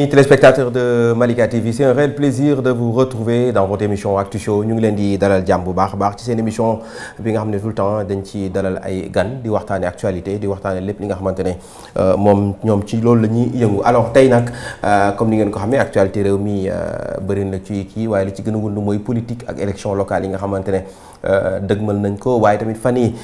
amis téléspectateurs de Malika TV c'est un réel plaisir de vous retrouver dans votre émission Actu Show ñu ngi leen di dalal jàmm bu baax a baax ci seen émission bi nga xam tout le temps dañ ci dalal ay gan di waxtaane actualité di waxtaane lépp li nga xamante ne euh, moom ñoom ci loolu la ñuy yëngu alors tey nag euh, comme ni ngeen ko xamee actualité réew mi euh, bëri na ci kii waaye li ci gën a wund mooy politique ak élection locale yi nga xamante ne dëgmal nañ ko waye tamit fani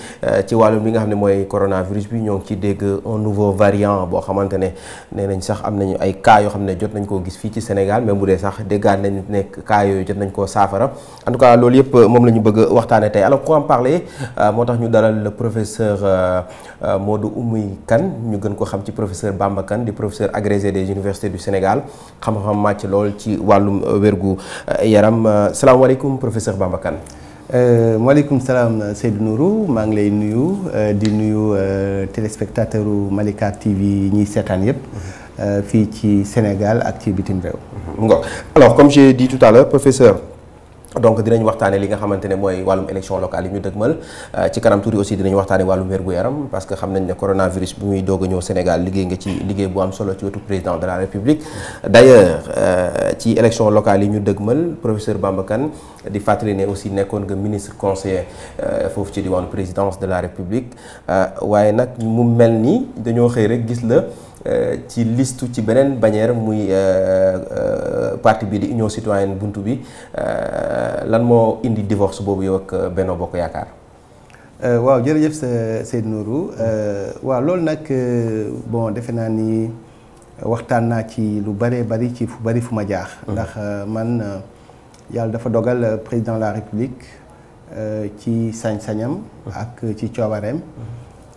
ci walum li nga xam moy coronavirus bi ñong ci dégg un nouveau variant bo xamantene ne sax am nañu ay cas yo xam ne jot nañ koo gis fii ci Sénégal même bu dee sax déggaat nañ ne cas yooyu jot nañ koo saafara en tout cas loolu yëpp moom la ñu bëgg waxtaane tey alors pour en parler euh, moo tax ñu dalal le euh, euh, moo du Oumy kan ñu gën ko xam ci professeur Bamba Kane di professeur agrégé des universités du Sénégal xam-xam màcc lool ci wàllum wérgu yaram salaamaaleykum professeur Bamba Kane maaleykum salaam Seydou nuru maa ngi lay nuyu di nuyu téléspectateur u Malika TV ñiy seetaan yëpp mm-hmm. Euh, fii ci Sénégal ak ci mhm. alors comme j'ai dit tout à l'heure professeur. donc dinañ waxtaane li nga xamante moy walum wàllum élection locale yi ñu dëgmal euh, ci kanam tuuti aussi dinañ waxtaane walum wér-gu-yaram parce que xamnañ nañ ne coronavirus bu muy doga ñëw Sénégal liggéey nga ci liggéey bu am solo ci wetu président de la République mhm. d'ailleurs euh, ci élection locale yi ñu dëgmal professeur Bambakan di fàttali ne aussi nekkoon nga ministre conseiller fofu ci diwan présidence de la République waaye nak mu melni ni dañoo xëy rek gis la Euh, ci listu ci beneen bannière muy euh, euh, parti bi di Union Citoyenne bunt bi lan moo indi divorce boobu yow ak Benno Bokk Yaakaar. waaw jërëjëf Seydou Nourou waaw loolu nag bon defe naa ni waxtaan naa ci lu bëree bari ci fu bëri fu ma jaax. Mm-hmm. ndax man yàlla dafa dogal président de la république ci sañ-sañam. Mm-hmm. ak ci coobareem. Mm-hmm.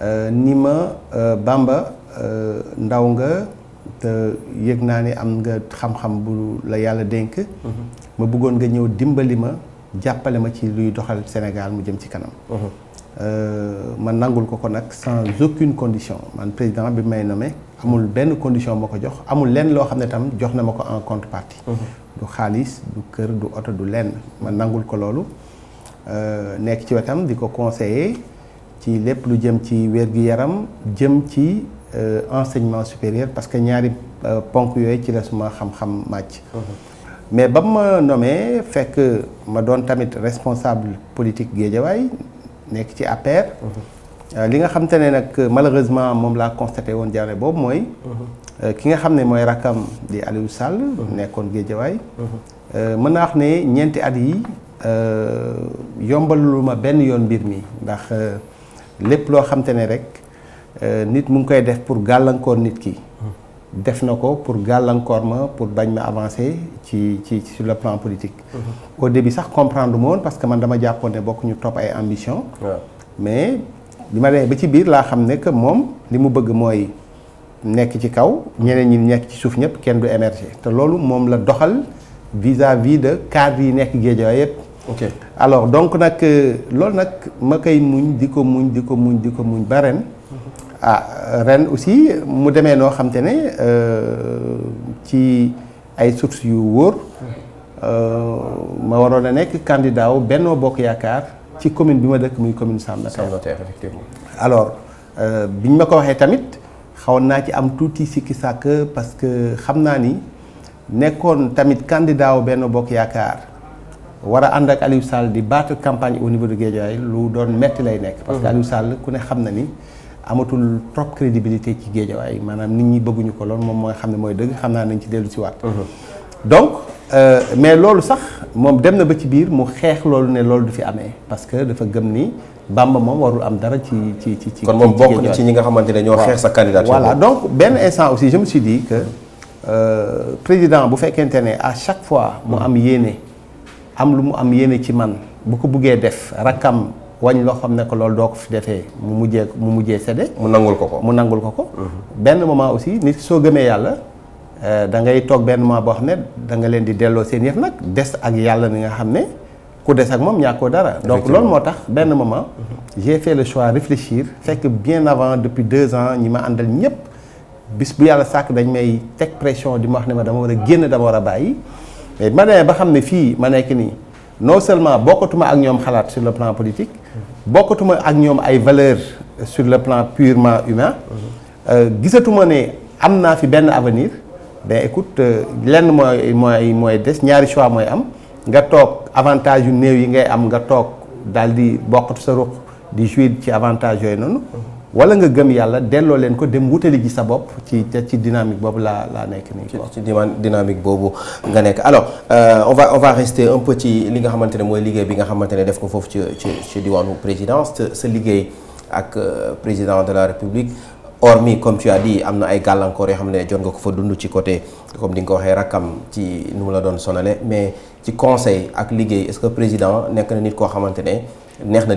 Euh, Nima, euh, Bamba euh, ndaw te yëg am nga xam-xam bu la yalla denk mhm. ma nga ñëw dimbali ma ma ci luy doxal Sénégal mu jëm ci kanam mhm. man nangul ko ko sans aucune condition man président bi may nommé amul benn condition mako jox amul lenn lo xamné tam jox na mako en contrepartie mhm. du xaalis du kër du auto du lenn man nangul ko euh nekk ci di conseiller ci plus lu jëm ci yaram euh, enseignement supérieur parce que ñaari euh, ponk ci la suma xam-xam mhm. mais ba nommé que ma doon tamit responsable politique ci APR mhm. euh, li nga xam malheureusement moom constaté woon jaare boobu mooy mhm. ki nga di Aliou ne at lépp loo xamante ne rek euh, nit mu ngi koy def pour gàllankoor nit ki. def na ko pour gàllankoor ma pour bañ ma avancer ci ci sur le plan politique. Mhm. au début sax comprendre ma parce que man dama jàppoon ne bokk ñu topp ay ambition. mais bi ma demee ba ci biir laa xam ne que moom li mu bëgg mooy nekk ci kaw ñeneen ñi nekk ci suuf ñëpp kenn du émerger te loolu moom la doxal vis-à-vis de cadre yi nekk Guédiawaye yëpp alors donc nak, euh, lol nak, ma koy muñ di ko muñ diko ko muñ di muñ ba mhm. ah ren aussi mu demee noo xam te ne euh, ci ay sources yu wóor mhm. euh, ma waroon a nekk candidat wu Benno Bokk Yaakaar ci commune bi ma muy commune Sam Notaire effectivement alors biñ ma ko waxee tamit ci am tuuti sikki sàkk parce que ni tamit candidat wu Benno Bokk wara a ak Aliou Sall di battre campagne au niveau de Guédiawaye lu doon metti lay nek parce que mhm. Aliou Sall ku ne xam na ni amatul trop crédibilité ci Guédiawaye manam nit ñi bëgguñu ko lool mom moy xam moy mooy dëgg xam nañ ci dellu ci wat mhm. donc euh, mais loolu sax moom dem na ba ci biir mu xeex loolu ne loolu du fi amee parce que dafa gëm ni Bamba moom warul am dara ci ci ci ci. kon moom bokk na ci ñi nga xamante ne ñoo xeex sa candidature. voilà donc benn instant aussi je me suis dit que euh, président bu fekkente ne à chaque fois mu am yéene am lu mu am yéene ci man bu ko buggee def rakam wañ loo xam ne ko loolu doo ko fi defee mu mujjee mu mujjee sedde mu nangul ko ko mu nangul ko ko mhm. benn moment aussi nit soo gëmee yàlla euh, da ngay toog benn moment boo xam ne da nga leen di delloo seen yëf nag des ak yàlla ni nga xam ne ku des ak moom ñàkkoo dara donc loolu moo tax benn mhm. moment j'ai fait le choix réfléchir fekk bien avant depuis deux ans ñi ma àndal ñëpp bis bu yàlla sàkk dañ may teg pression di ma wax ne ma dama war a génn dama war a bàyyi mais mané ba xamné fi mané ma non seulement bokotuma ak ñom xalat sur le plan politique bokotuma ak ñom ay valeurs sur le plan purement humain euh, gisatuma ne am naa fi ben avenir ben écoute euh, lenn moy moy moy dess ñaari choix moy am nga tok avantage yu neew yi ngay am nga tok daldi di bokkatu sa ruq di jouir ci avantage yooyu nonu wala nga gëm yalla delloo len ko dem wutali gi sa bop ci ci dynamique je veux la nek ci dynamique bobu nga alors euh, on va rester un peu li nga xamantene bi nga euh, président de la république. hormis comme tu as dit amna ay veux dire que nga ko fa dund ci côté comme veux ko waxe veux ci nu la mais ci conseil ak est-ce que président na nit neex na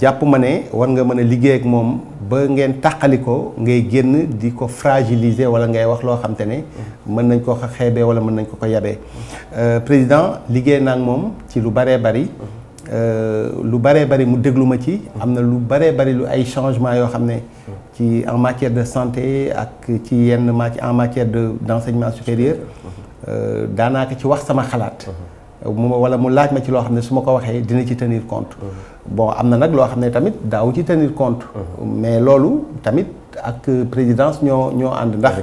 jàpp ma ne war nga mën a liggéey ak moom ba ngeen tàqali ngay génn di ko fragiliser wala ngay wax loo xam te ne mën nañ ko xeebee wala mën nañ ko ko yabee euh, président liggéey naa mom, moom ci lu baree bari euh, lu baree bari mu déglu ma ci am na lu baree bari lu ay changement yoo xam ne ci en matière de santé ak ci yenn mati en matière de d'enseignement supérieur euh, daanaa ko ci wax sama xalaat mu wala mu laaj ma ci loo xam ne su ma ko waxee dina ci tenir compte bon am na nag loo xam ne tamit daaw ci tenir compte. Mhm. mais loolu tamit ak présidence ñoo ñoo ànd. ndax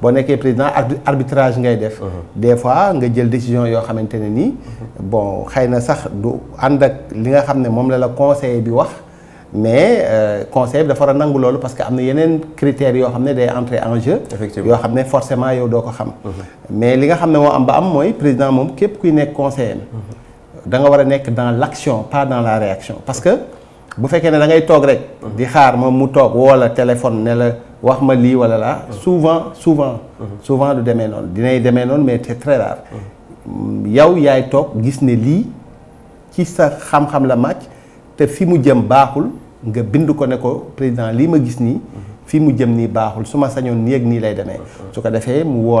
boo nekkee président arbitrage ngay def. Mhm. des fois nga jël décision yoo xamante ne nii. Mhm. bon xëy na sax du ànd ak li nga xam ne moom la la conseil bi wax. mais euh, conseil bi dafa war a nangu loolu parce que am na yeneen critères yoo xam ne day entrer en jeu. yoo xam ne forcément yow doo ko xam. mais li nga xam ne moo am ba am mooy président moom képp kuy nekk conseiller dans l'action pas dans la réaction parce que bu fekkee ne da ngay rek di xaar téléphone ne la wax ma wala souvent souvent souvent mais c'est très rare yow yaay toog gis ne ci sa xam-xam la màcc te fi mu jëm baaxul nga ko ne président ma gis mu jëm baaxul ak lay su ko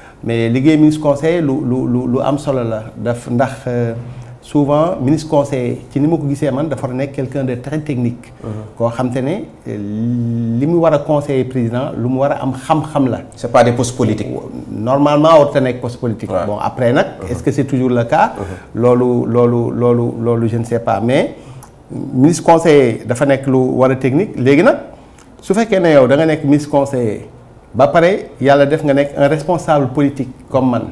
mais liggéey ministre conseil lu lu lu le am solo la daf ndax euh, souvent ministre conseil ci ni ko gisee man dafa quelqu'un de très technique. Mhm. koo xam te ne li mu conseiller président lu mu war am xam-xam la. c'est pas des postes politiques. normalement on a postes politiques. politique. bon après nag. Mhm. est-ce que c'est toujours le cas. Mhm. loolu loolu loolu loolu je ne sais pas mais ministre conseiller dafa nekk lu technique léegi nag su fekkee ne yow da nga ministre conseiller ba y yalla def nga un responsable politique comme man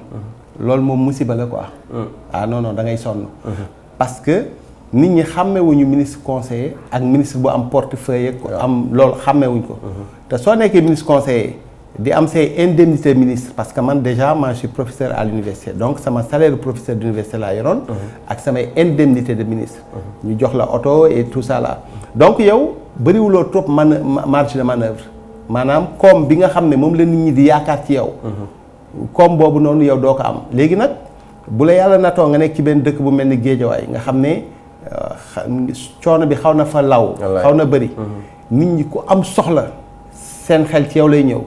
C'est mom musiba la quoi mm. ah non non da ngay son mm-hmm. parce que nit ñi wuñu ministre conseiller ak ministre bu am portefeuille am xamé wuñ ko mm-hmm. te so nekkee ministre conseiller di am say indemnité ministre parce que man déjà je suis professeur à l'université donc mon salaire professeur d'université là et mm-hmm. ak sama indemnité de ministre ñu jox la auto et tout ça là donc yow bëriwuloo trop man marge de manœuvre maanaam koom bi nga xam ne moom la nit ñi di yaakaar ci yow. Mhm. koom boobu noonu yow doo ko am léegi nag bu la yàlla natoo nga nekk ci benn dëkk bu mel ni géejawaay nga xam ne euh, coono bi xaw na fa law. xaw na bëri. Mhm. nit ñi ku am soxla seen xel ci yow lay ñëw.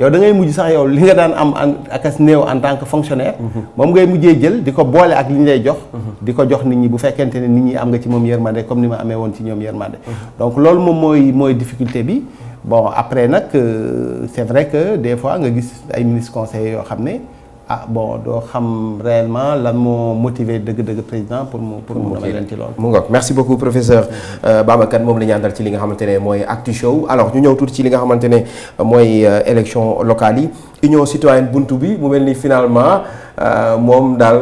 yow da ngay mujj sax yow li nga daan am akas néew en tant que fonctionnaire. Mhm. moom ngay mujjee jël di ko boole ak li ñu lay jox. di ko jox nit ñi bu fekkente ne nit ñi am nga ci moom yërmande comme ni ma amee woon ci ñoom yërmande. donc loolu moom mooy mooy difficulté bi. bon après nag euh, c' est vrai que des fois nga gis ay ministre conseil yoo xam ah bon doo xam réellement lan moo motiver dëgg-dëgg président pour pour mu leen ci loolu mu merci beaucoup professeur mm-hmm. euh, Babacar moom la ñu àndal ci li nga xamante ne mooy Actu Show alors ñu ñëw tuuti ci li nga xamante ne mooy euh, élection locale yi union citoyenne buntu bi mu mel ni finalement moom daal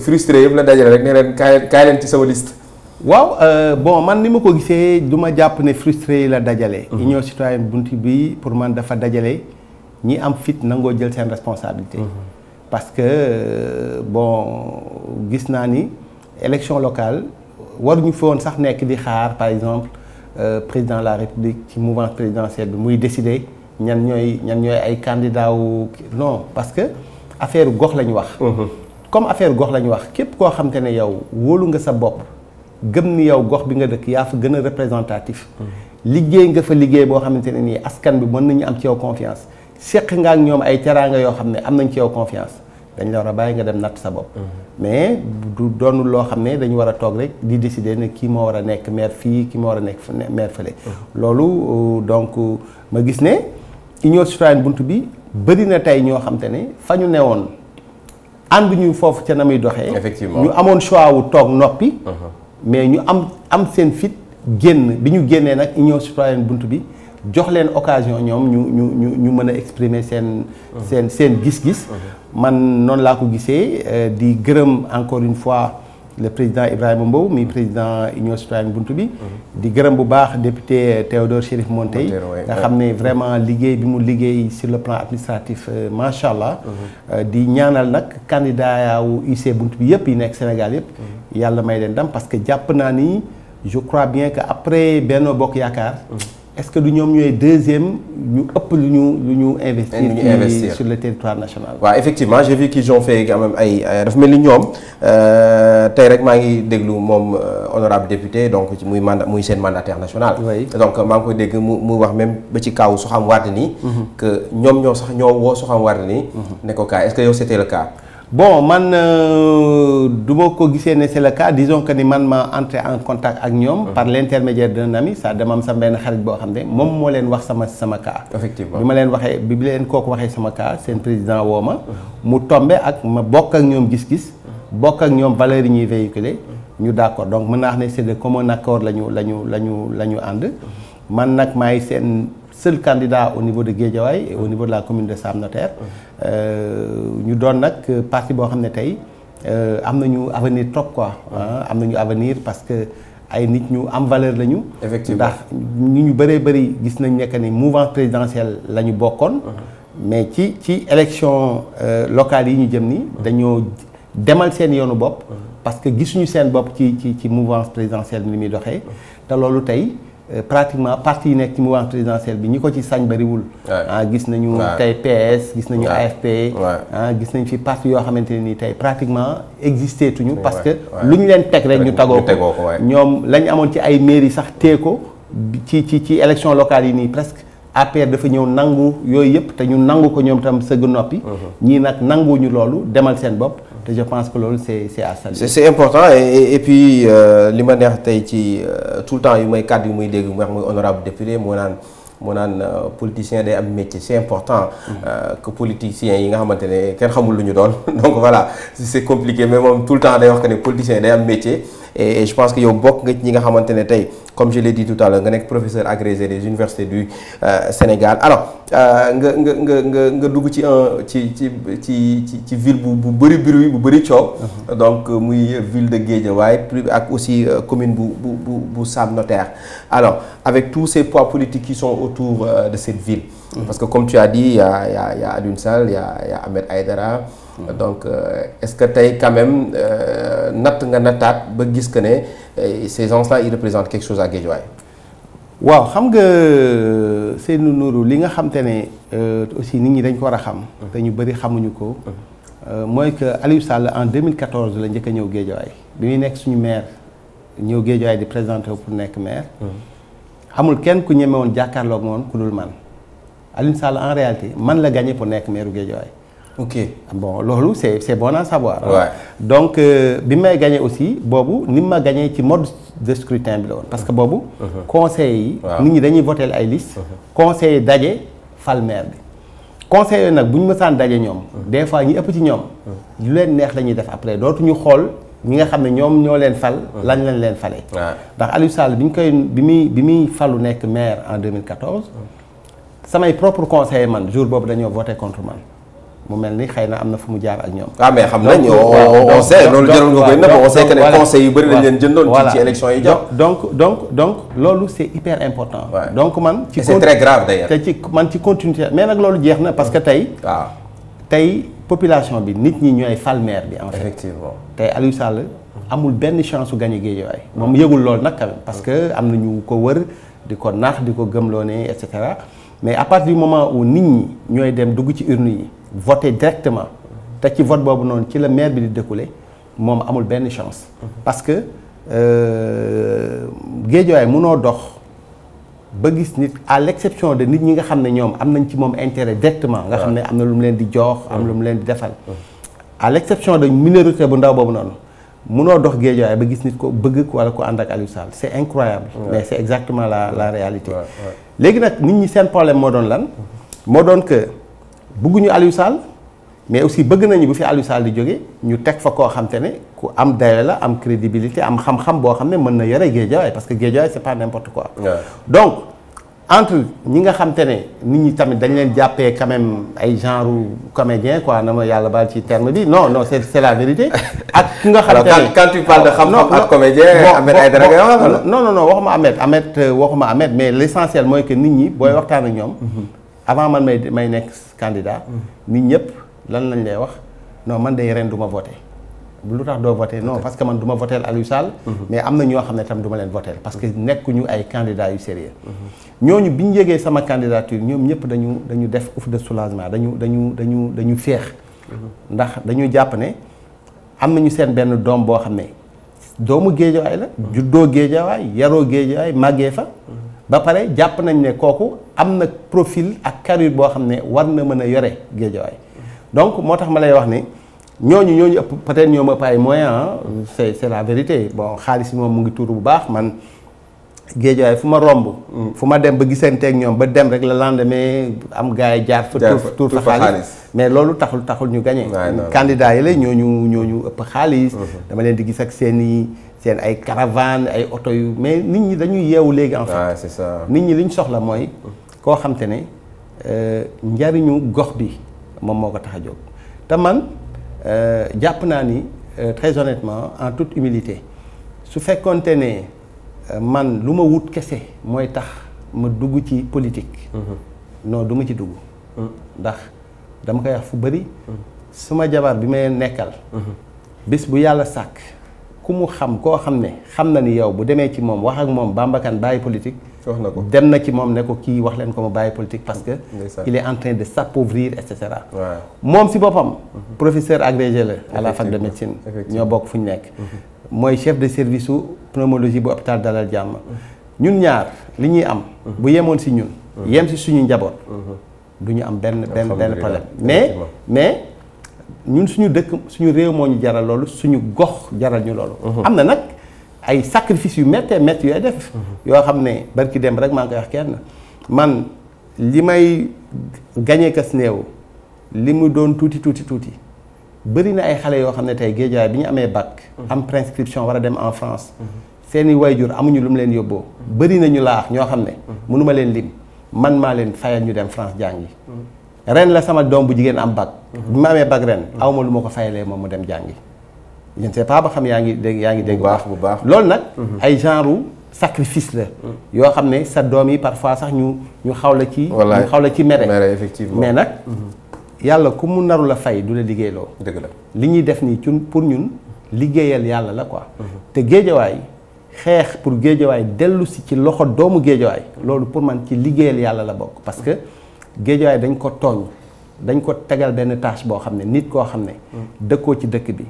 frustré yëpp la dajale rek ne leen kaay ci sama liste waaw euh, bon man ni ma ko duma japp né frustré yi la dajale. Mhm. union citoyenne bunti bi pour man dafa dajalé ñi am fit nangoo jël seen responsabilité. Mhm. parce que euh, bon gis na ni élection locale waruñu fa woon sax nek di xaar par exemple euh, président de la république qui mouvement présidentiel bi muy décider ñan ñoy ñan ñoy ay candidat ou non parce que affaire gox la wax. Mhm. comme affaire gox la wax képp ko xam te yow wolu nga sa bop. gëm ni yow gox bi nga dëkk yaa fa gën a représentatif liggéey nga fa liggéey boo xamante ne nii askan bi mën nañu am ci yow confiance seq nga ak ñoom ay teraanga yoo xam ne am nañ ci yow confiance dañ la war a bàyyi nga dem natt sa bopp mm-hmm. mais du doonul loo xam ne dañu war a toog rek di décider ne kii moo war a nekk maire fii kii moo war a nekk maire fële mm-hmm. loolu euh, donc ma gis ne union citoyenne bunt bi bëri na tey ñoo xam te ne fa ñu ne newoon ànd ñu foofu ca na muy doxee effectivement ñu amoon choix wu toog noppi mm-hmm. mais ñu am am seen fit génn biñu genné nak union citoyenne buntu bi jox leen occasion ñom ñu ñu ñu ñu mën exprimer seen uh-huh. seen seen gis-gis uh-huh. man non la ko gissé euh, di gërëm encore une fois le président Ibrahim Mbow mi président union citoyenne buntu bi uh-huh. di gërëm bu baax député euh, Théodore Chérif Monté nga xamné vraiment liggéey bi mu liggéey sur le plan administratif euh, machallah di ñaanal nak candidat yaawu UC buntu bi yépp yi nekk Sénégal yépp yalla may len dam parce que japp na ni je crois bien que après Benno Bokk yakar est-ce que du ñom ñoy deuxième ñu upp lu ñu lu ñu investir sur le territoire national waaw effectivement j'ai vu qu'ils ont fait quand même ay daf melni ñom euh tay rek ma ngi déglu mom euh, honorable député donc muy mandat muy seen mandataire national donc ma ngi koy dégg mu wax même ba ci kaw Soham Wardini mhm. que ñom ñoo sax ñoo woo Soham Wardini mhm. ne ko cas est-ce que yow c'était le cas bon man euh, du ma ko gisee ne c'est le cas disons que ni man ma entré en contact ak ñoom. Mhm. par l'intermédiaire d'un ami ça dama am sama benn xarit boo xam ne moom moo leen wax sama sama cas. effectivement bi ma leen waxee bi leen kooku waxee sama cas seen président woo ma. mu tomber ak ma bokk ak ñoom gis-gis. bokk ak ñoom valeurs yi ñuy véhiculer. ñu d'accord donc mën naa wax ne c'est de commun accord la ñu la ñu la ñu la ñu ànd. man nak maay seen seul candidat au niveau de Guédiawaye et au niveau de la commune de Sam Notaire. Euh, ñu doon nag euh, parti boo xam ne tey euh, am nañu avenir trop quoi. Hein, am nañu avenir parce que ay nit ñu am valeur lañu. effectivement ndax ñi ñu bëree bëri gis nañ nekk ni mouvement présidentiel la ñu bokkoon. mais ci ci élection locale yi ñu jëm ni dañoo demal seen yoonu bopp. parce que gisuñu seen bopp ci ci ci mouvance présidentielle bi ni muy doxee te loolu tey. Euh, pratiquement parti nek nekk ci mouvement présidentiel bi ñi ko ci sañ bariwul ah gis nañu tay PS gis nañu AFP ah gis nañ fi parti yo xamanteni ne nii pratiquement existé tuñu parce que lu leen tek rek ñu tagoo ñom lañ amoon ci ay mairie sax tée ko ci ci ci élection locale yi ni presque APR dafa ñëw nangu yooyu yëpp te ñu nangu ko ñom tam sëgg mhm. ñi nak nangu ñu lolu démal sen bop té je pense que lolu c'est c'est à saluer. c'est important et, et puis euh, li ma neex tey ci euh, tout le temps yu may cadre yu may dégg mu wax muy honorable député moo naan moo naan euh, politicien day am métier c'est important. Mhm. Euh, que politicien yi nga xamante ne kenn xamul lu ñu doon donc voilà c'est compliqué mais moom tout le temps day wax que ne politicien day am métier et je pense que yow bok nga ci comme je l'ai dit tout à l'heure nga nek professeur agrégé des universités du euh, Sénégal alors euh, nga nga nga nga nga ci ci ville bu bu bruit bu c'est la uh-huh. donc euh, ville de Guédiawaye ak aussi commune bu bu bu Sam Notaire alors avec tous ces poids politiques qui sont autour de cette ville. Uh-huh. parce que comme tu as dit il y a il y il y a il y a Ahmed Aïdara. Mm-hmm. donc euh, est-ce que tey quand même euh, nat nga nattaat ba gis que né euh, ces gens-là ils représentent quelque chose à Guédiawaye waaw xam nga Seydou Nourou li nga xam tane euh, aussi nit ñi dañ ko wara xam mm-hmm. te ñu bari xamuñu ko moy mm-hmm. que Aliou Sall en 2014 la njëkk a ñëw Guédiawaye bi muy nekk suñu maire ñëw Guédiawaye di présenté pour nekk maire amul kenn ku won jakarlo jàkkaarloog moom ku dul man Aliou Sall en réalité man la gagné pour nekk maire Guédiawaye ok bon loolu c' c'est bon à savoir. Ouais. donc euh, bi may gagné aussi Bobu, ni ma gagné ci mode de scrutin bi parce que Bobu, uh-huh. conseil nous nit ñi dañuy voté ay liste. Uh-huh. conseil daje fal maire bi. conseil yooyu nag bu ñu mësaan daje uh-huh. des fois ñu ëpp ci ñoom. lu leen neex la ñuy def après dootuñu xool ñi nga xamné ñom ñoom ñoo leen fal. lañ lañ leen falé ndax Aliou Sall bi koy bi muy bi muy falu nekk maire en 2014. samay propre conseil man jour bobu dañoo voter contre man mu mel ni xëy na am na fu mu jaar ak ñoom. waaw ah, mais xam nañ on sait loolu jaroon nga koy nëbb on sait que ne conseil yu bëri lañ leen jëndoon. ci ci élection yi donc donc donc loolu c' hyper important. donc man. ci très grave d'ailleurs te man ci continuité mais nak loolu jeex na parce que tey. waaw ah. population bi nit ñi ñooy fal maire bi en fait. effectivement tey Aliou Sall amul benn chance su gagné Guédiawaye moom yëgul nak nag parce que amna na ñu ko wër di ko naax di ko gëmloo ne et cetera mais à partir du moment où nit ñi ñooy dem dugg ci urne yi voter directement te ci vote bobu non ci le maire bi di découlé mom amul ben chance parce que euh, géejowaay munoo dox ba gis nit à l'exception de nit ñi nga xamné ñom ñoom am nañ ci mom intérêt directement nga xamné amna lu mu leen di jox am lu mu leen di défal à l'exception de minorité bu ndaw bobu non munoo dox géejowaay ba gis nit ko bëgg wala ko ànd ak Aliou Sall c'est incroyable mais c'est exactement la la réalité légui nak nit ñi seen problème mo doon lan mo doon que bëgguñu Aliou Sall mais aussi bëgg nañu bu fi Aliou Sall di joggé ñu tek fa ko xam te ku am dayo la am crédibilité am xam-xam bo xamné ne mën na yore Guédiawaye parce que Guédiawaye c'est pas n'importe quoi donc entre ñi nga xam te nit ñi tamit dañ leen jappé quand même ay genre comédien quoi na ma yàlla baal ci terme bi non non c'est c'est la vérité ak ki nga xam te quand tu parles de ah, xam-xam ak comédien Ahmed Aïdara non non non waxuma Ahmed Ahmed euh, waxuma Ahmed mais l'essentiel moy que nit ñi boy waxtaan ak mm-hmm. avant man may may nekk candidat. Mm. nit ñëpp lan lañ lay wax non man day ren du ma lu tax doo voté non parce que man du ma voté Aliou Sall. Mm-hmm. mais am na ñoo xam ne tam duma leen voté parce que mm-hmm. nekkuñu ay candidats yu sérieux mm-hmm. ñooñu bi ñu yëgee sama candidature ñoom ñëpp dañu dañu def ouf de soulagement dañu dañu dañu dañu feex ndax dañu jàpp ne am nañu seen benn doom boo xam ne doomu géejawaay la. juddoo géejawaay yaroo ay màggee fa. ba pare jàpp nañ ne kooku am na profil ak carrière boo xam ne war na mën a yore géejawaay donc moo tax ma lay wax ni ñooñu ñooñu ëpp peut-être ñoo ma ëpp ay moyen c'est la vérité bon xaalis bi moom mu ngi tuuru bu baax man géejawaay fu ma romb fu ma dem ba gisanteeg ñoom ba dem rek la lendemain am gars yi jaar fa tour fa xaalis mais loolu taxul taxul ñu gagné candidat yi ñu ñooñu ñu ëpp xaalis mm-hmm. dama leen di gis ak seen i seen ay caravane ay oto yu mais nit ñi dañuy yeewu léegi en fait c'est nit ñi li ñu soxla mooy koo xam te ne euh, njariñu gox bi moom moo ko tax a jóg te man euh, jàpp naa ni euh, très honnêtement en toute humilité su fekkonte ne man lu ma wut kese mooy tax ma dugg ci politique mhm. non duma ci dugg mhm. ndax dama koy wax fu bëri mhm. su ma jabar bi may nekkal bis bu yàlla sàkk Comme xam ko ni yow bu démé ci mom wax ak mom bambakan baye politique. dem na ci mom ne politique parce que. il est en train de s'appauvrir et cetera. si mhm. professeur agrégé à la fac de médecine. Mhm. chef de service pneumologie bu hôpital Dalal ñun ñaar am. Mhm. bu yémon si ñun. yem si suñu njaboot. am ben ben problème mais mais. ñun suñu dëkk suñu réew moo ñu jaral loolu suñu gox jaral ñu loolu. Mhm. am na nag ay sacrifice yu méttee métti yooy def. Mhm. yoo xam ne barki dem rek maa ngi koy kenn man li may gañe néew li mu doon tuuti tuuti tuuti bëri na ay xale yoo xam ne tey géejaay bi ñu amee bac. Mhm. am prescription war a dem en France. seeni wayjur amuñu lu mu leen yóbboo. bëri nañu ñu laax ñoo xam ne. mënuma leen lim man maa leen fayal ñu dem France jàngi. ren la sama doom bu jigéen am bag bi ma amee bac ren aw ma lu ma ko fayalee moom mu dem jàngi. je ne sais pas ba xam yaa ngi dégg yaa dégg. bu baax bu baax loolu nag. Mhm. ay genre sacrifice la. yoo xam ne sa doom yi parfois sax ñu ñu xaw la ci. ñu xaw la ci mere effectivement mais nag. Mhm. yàlla ku mu naru la fay du la liggéeyloo. dëgg la li ñuy def nii cun pour ñun liggéeyal yàlla la quoi. Mhm. te géejawaay xeex pour géejawaay dellu si ci loxo doomu géejawaay loolu pour man ci liggéeyal yàlla la bokk parce géejawaay dañ ko togn dañ ko tégal ben tâche bo xamné nit ko xamné ne ci dëkk bi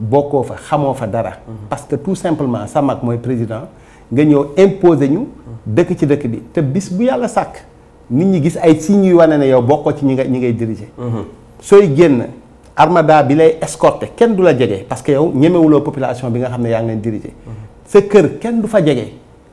bokkoo fa xamoo fa dara parce que tout simplement sa moy président nga ñëw imposer ñu dëkk ci dëkk bi té bis bu yalla sak nit ñi gis ay signes yu wane ne yow bokkoo ci ñi nga ñi ngay diriger mhm. soy génn armada bi lay escorter kenn du la jege parce que yow ñemewuloo population bi nga xamné ya yaa diriger mhm. sa kër kenn du fa jege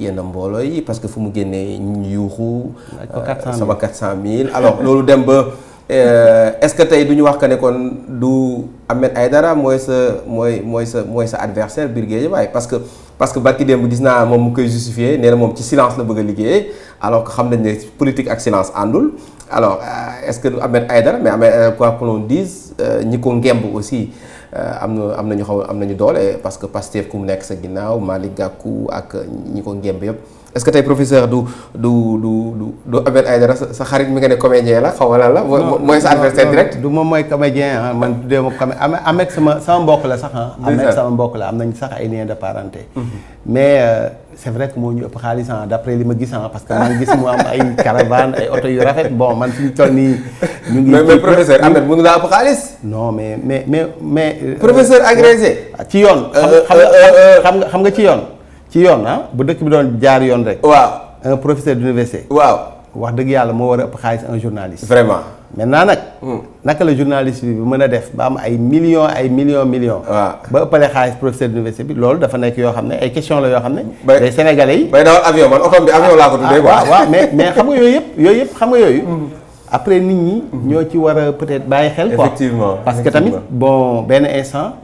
yenn mbooloo yi parce que fu mu génnee ñu yuuxu. Euh, sama 400000 alors loolu dem ba. Euh, est-ce que tey du ñu wax que ne kon du Ahmed Aïdara mooy sa mooy mooy sa mooy sa adversaire biir Guédiawaye parce que parce que barki démb gis naa moom mu koy justifier nee moom ci silence la bëgg a liggéeyee alors xam na ne politique ak silence àndul alors euh, est-ce que du ay dara mais Ahmed euh, quoi que l'on ñi ko ngemb aussi. Euh, am na am nañu xaw am nañu doole parce que Pastef ku mu nekk sa ginnaaw Malick gàkku ak ñi ko ngemb yëpp est-ce que tey professeur du du du du du Ahmed Aïdara sa xarit mu nga ne comédien la xaw ma lan la. mooy sa adversaire direct. du moom mooy comédien ah man tuddee ma comédien Ahmed sama sama mbokk la sax ah. la am nañ sax ay lien de parenté. Mm-hmm. mais euh, c'est vrai que moo ñu ëpp xaalis ah d'après li ma gis ah parce que man gis mu am ay caravane ay oto yu rafet bon man suñu toll nii. ñu ngi mais mais professeur Ahmed mu ngi laa ëpp xaalis. non mais mais mais mais. Euh, professeur euh, agrégé. Ah, ci yoon. xam nga xam nga ci yoon. ci yoon ah bu dëkk bi doon jaar yoon rek. waaw un professeur d'université. waaw wax dëgg yàlla moo war a ëpp xaalis un journaliste. vraiment maintenant nag. Hmm. naka la journaliste bi mën a def ba am ay millions ay millions millions. waaw ba ëppale xaalis professeur d'université bi loolu dafa nekk yoo xam ne ay question la yoo xam ne. bay bay sénégalais yi. bay dawal avion man oto bi avion laa ko tuddee ah, quoi. waaw waaw mais mais xam nga yooyu yëpp yooyu yëpp xam nga yooyu. Hmm. après nit ñi. Hmm. ñoo ci war a peut-être bàyyi xel. quoi effectivement parce que tamit bon benn instant.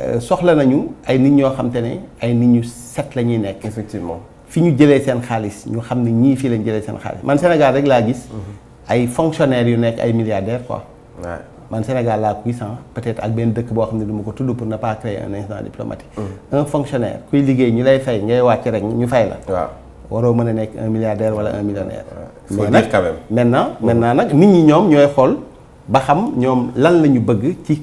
Euh, soxla nañu ay nit ñoo xam te ne ay nit ñu set la ñuy nekk. effectivement fi ñu jëlee seen xaalis ñu xam ne ñii fii lañ jëlee seen xaalis man Sénégal rek laa gis. Mhm. ay fonctionnaires yu nekk ay milliardaires quoi. man Sénégal laa puissant peut-être ak benn dëkk boo xam ne du ma ko tudd pour ne pas créer un incident diplomatique. Mhm. un fonctionnaire kuy liggéey ñu lay fay ngay wàcc rek ñu fay la. waaw waroo mën a nekk un milliardaire wala un millionnaire. mais nag maintenant mhm. maintenant nag nit ñi ñoom ñooy xool ba xam ñoom lan la ñu bëgg ci.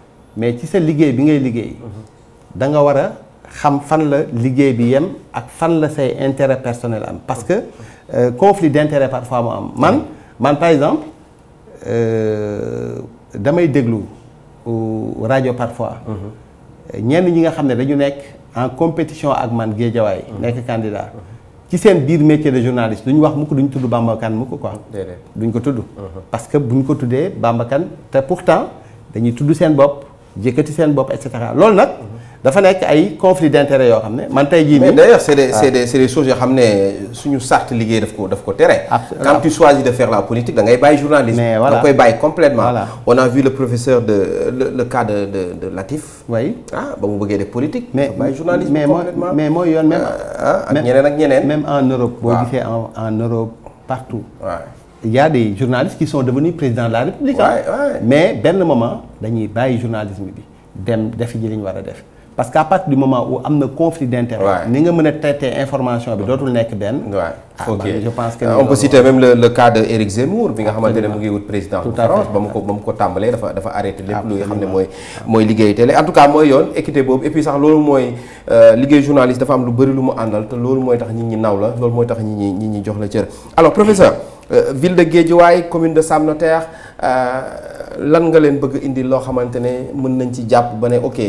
mais ci sa liggéey bi ngay liggéey da nga wara xam fan la liggéey bi yem ak fan la say intérêt personnel am parce que euh, conflit d'intérêt parfois am man man par exemple euh, damay déglu radio parfois ñen ñi nga xam ne dañu nekk en compétition ak man guedjaway nek candidat ci sen bir métier de journaliste duñ wax mukk duñ tuddu bambakan Kane quoi quoi duñ ko tuddu uh-huh. parce que buñ ko tuddé bambakan té pourtant dañuy tuddu sen bop yëkkati seen bopp et cetera loolu nag. dafa nekk ay conflit d'intérêt yoo xam ne man tey jii. mais d'ailleurs c'est des ah. c'est des c'est des choses yoo xam ne suñu charte liggéey daf ko daf ko tere. quand tu choisis de faire la politique da ngay bàyyi journalisme. mais voilà da koy bàyyi complètement on a vu le professeur de le, le cas de de de Latif. oui ah ba mu bëggee def politique. mais bàyyi journalisme mais complètement mais mooy yoon même. ah, ah ak ñeneen ak ñeneen. même en Europe. boo gisee en en Europe partout. Ouais il y a des journalistes qui sont devenus président de la République. Hein. Ouais, ouais. mais benn moment dañuy baye journalisme bi dem defi ji li def parce qu'à partir du moment où amna conflit d'intérêt, ni nga mëna a traiter information bi dotul nek ben. waaw ah, ok je pense que. Euh, on peut citer même le le cas de Éric Zemmour bi nga xamantene ne mu ngi wut président de France ba mu ko ba ko tàmbalee dafa dafa arrêté lepp lu nga xam moy mooy mooy télé en tout cas moy yoon équité bob, et puis sax loolu mooy euh, liggéey journaliste dafa am lu bëri lu mu andal te lolu moy tax nit ñi naw la lolu moy tax nit ñi nit ñi jox la cër alors professeur. Euh, ville de Guédiawaye commune de Sam Notaire euh, lan nga leen bëgg indi loo xamante ne mën nañ ci jàpp ba ne ok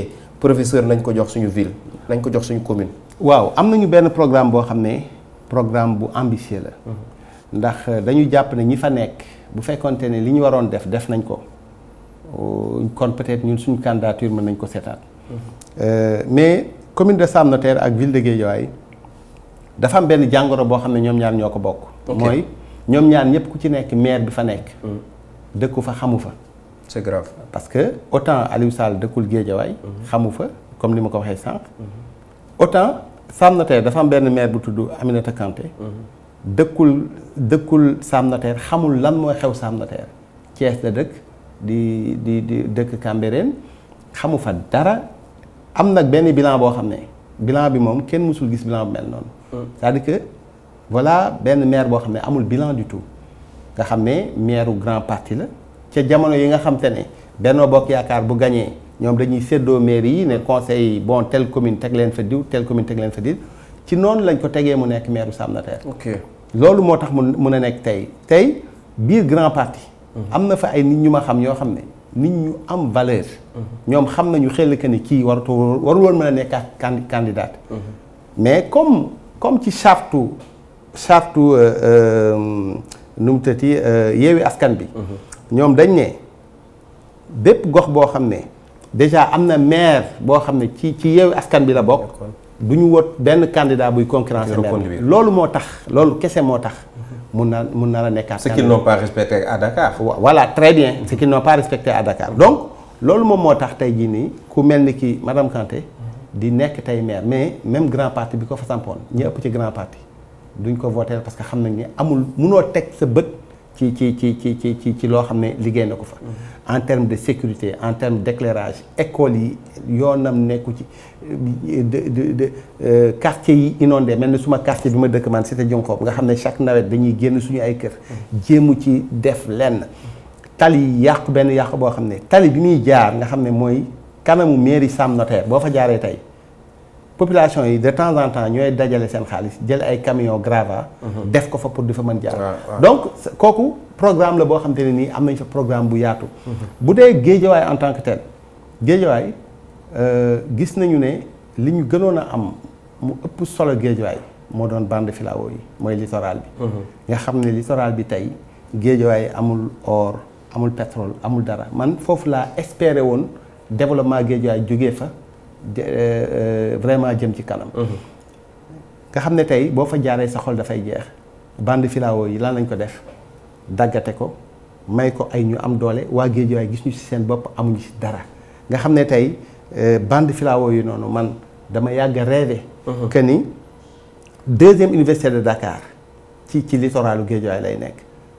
professeur nañ ko jox suñu ville nañ ko jox suñu commune. waaw am nañu benn programme boo xam ne programme bu ambitieux la. Mhm. ndax euh, dañu jàpp ne ñi fa nekk bu fekkonte ne li ñu waroon def def nañ ko kon peut-être ñun suñu candidature mën nañ ko seetaat. Mhm. mais commune de Sam Notaire ak ville de Guédiawaye dafa am benn jàngoro boo xam ne ñoom ñaar ñoo ko bokk. Nous ñaar ñep ku ci nekk maire bi fa nekk. Mm. c'est grave parce que autant Aliou Sall way mm-hmm. comme ni ko mm-hmm. autant Sam am maire bu Aminata Kanté. Mm-hmm. de dëkkul Sam xamul lan xew di di di xamu fa dara bilan bilan bi kenn mm. c'est-à-dire que voilà ben maire bo xamné amul bilan du tout nga xamné maireu grand parti la ci jamono yi nga xam tane Benno Bokk yakar bu gañee ñom dañuy seddo maire yi né conseil bon telle commune tek leen fa diw telle commune tek leen fa diw ci non lañ ko tegee mu nek maireu u ok lolu motax mu mun nek tay tay bir grand parti mhm. amna fa ay nit ñu ma xam yo xamné ne nit ñu am valeur mhm. ñom xam nañu xel que ni kii waratu waru woon mën a candidat mhm. mais comme comme ci chartu saftu euh, euh, nu mu tëti euh, yeewi askan bi. Mhm. ñom dañ né bép gox bo xamné déjà amna maire bo xamné ci ci yewi askan bi la bok duñu wot ben candidat buy concurrence maire loolu moo tax loolu kese moo na mu na la nekkaat. ce qu'ils n'ont pas respecté à Dakar. voilà très bien ce qu'ils n'ont pas respecté à Dakar donc lolu mom motax tay ji ni ku melni ki madame Kanté di nekk tay maire mais même grand parti bi ko fa sampone ñi ëpp ci grand parti duñ ko voter parce que xam nañ ne amul munoo teg sa bët ci ci ci ci ci ci loo xam ne liggéey na ko fa. Mm-hmm. en terme de sécurité en terme d' éclairage école yi yoonam nekku ci de de de euh, quartier yi inondé mel ni suma quartier bi ma dëkk man cité Jonkoob nga xam ne chaque nawet dañuy génn suñu ay kër. Mm-hmm. jéemu ci def lenn. tali yi yàqu benn yàqu boo xam ne tali bi muy jaar nga xam ne mooy kanamu mairie Sam Notaire boo fa jaaree tey population de temps en temps ñooy dajale seen xaalis jël ay camion grava mhm. def pour di mën donc programme la boo xam programme bu yaatu mhm. bu en tant que tel géejawaay euh, gis nañu ne li ñu a am mu ëpp solo bande yi littoral littoral or amul pétrole amul dara man espéré développement géejawaay jógee Euh, euh, vraiment jëm ci kanam. Mhm. nga xam ne tey boo fa jaaree sa xol dafay jeex. bande filao yi lan lañ ko def daggate ko may ko ay ñu am doole waa géej waaye gis ñu ci seen bopp amuñu ci dara nga xam ne tey euh, bande filao yi noonu man dama yàgg a rêvé. Mhm. que ni deuxième université de Dakar ci ci littoralu géej waaye lay nekk.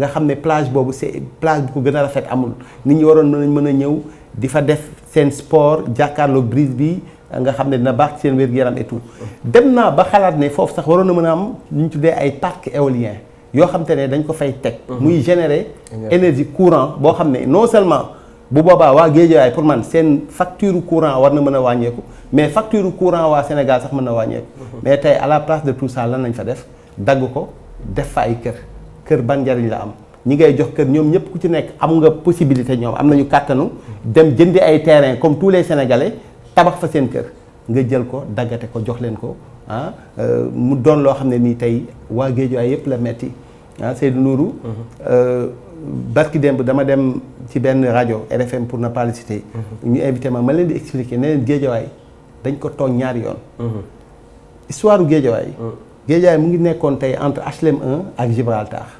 nga xamné plage bobu c'est plage bu ko gëna rafet amul nit ñi waroon mën a ñëw difa def sen sport jakarlo brise bi nga xamné ne dina baax ci seen yaram et tout dem na ba xalaat né fofu sax waron na mëna am ñu tuddé ay parc éolien yo xam né dañ ko fay teg mhm. muy générer énergie courant bo xamné non seulement bu boobaa waa Géejawaay pour man sen facture courant war na mëna wañéku mais facture courant wa Sénégal sax mëna na mhm. mais tay à la place de tout ça lan lañ fa def dagg ko def fa ay kër kër ban njariñ la am ñi ngay jox kër ñoom ñëpp ku ci nekk am nga possibilité ñoom am nañu kàttanu dem jëndi ay terrain comme tous les sénégalais tabax fa seen kër nga jël ko daggate ko jox leen ko ah euh, mu doon loo xam ne nii tey waa Géejawaay yëpp la metti ah Seydou Nourou mhm. euh, barki démb dama dem ci benn rajo RFM pour na pas mhm. ñu invité ma ma leen di expliquer ne leen Géejawaay dañ ko tooñ ñaari yoon mhm. histoire u Géejawaay Géejawaay mu ngi nekkoon tey entre HLM ak Gibraltar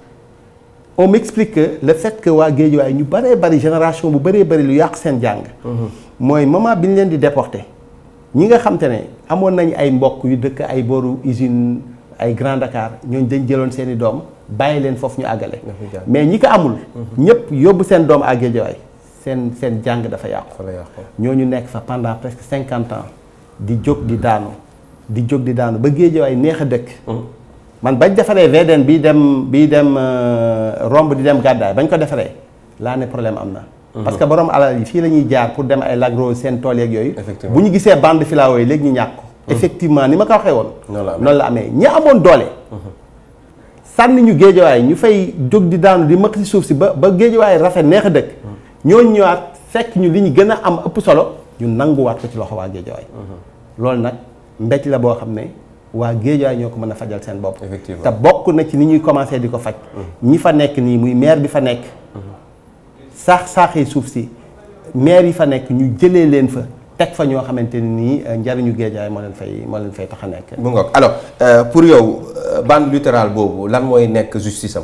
on m'explique que le fait que nous ñu génération bu lu yaq sen jang Nous moment bi leen di déporter ñi nga xam te nañ ay mbokk yu Grand Dakar mais ñi ko amul. Mhm. ñëpp yóbbu seen doom à nous sen sen jang dafa yaq ñoñu nekk fa pendant presque 50 ans di jog di daanu di jog di daanu ba man bañ defaree VDN bi dem bi dem euh, romb di dem gàddaay bañ ko defaree laa ne problème am na. Mhm. parce que borom alal yi fii la ñuy jaar pour dem ay lagro seen tool yeeg yooyu. bu ñu gisee bande filao yi léegi ñu ñàkk ko. Mhm. effectivement ni ma ko waxee woon. noonu la amee ñi amoon doole. Mhm. sànni ñu géejawaay ñu fay jóg di daanu di mëq si suuf si ba ba géejawaay rafet neex a dëkk. ñooñu ñëwaat fekk ñu li ñu gën a am ëpp solo ñu nanguwaat ko ci loxo waa géejawaay. loolu nag mbécc la boo xam ne. wa géejaay ñoko mëna fajal seen bopp ta bokku na ci ni ñuy commencé diko faj mm-hmm. ñi fa nek ni muy maire bi fa nek mm-hmm. sax saaxee suuf si maire yi fa nek ñu jëlé leen fa tek fa ñoo xamanteni ne nii euh, ñu géejaay mo leen fay mo leen fay taxa nek bu ngok alors euh, pour yow euh, bande littérale bobu lan moy nek justice am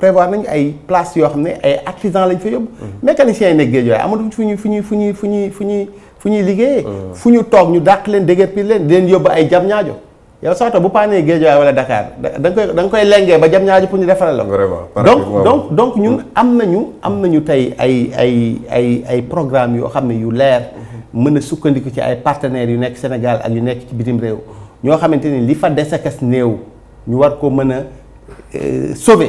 prévoir nañu ay place yoo xam ne ay artisans lañ fa yóbbu. Mm-hmm. mécaniciens yi nekk géej waaye amatuñ fu ñuy fu ñuy fu ñuy fu ñuy fu ñuy fu ñuy liggéeyee. Mm-hmm. fu ñu toog ñu dàq leen dëgër pir leen di leen yóbbu ay jam ñaajo yow sax bu paanee géej waaye wala Dakar da nga koy da nga koy lengee ba jam ñaajo pour ñu defaral la. vraiment donc donc donc mm-hmm. ñun am nañu am nañu tey ay ay ay ay programme yoo xam ne yu leer. mën a sukkandiku ci ay partenaires yu nekk Sénégal ak yu nekk ci bitim réew ñoo xamante ni li fa desekas néew ñu war ko mën a euh, sauver.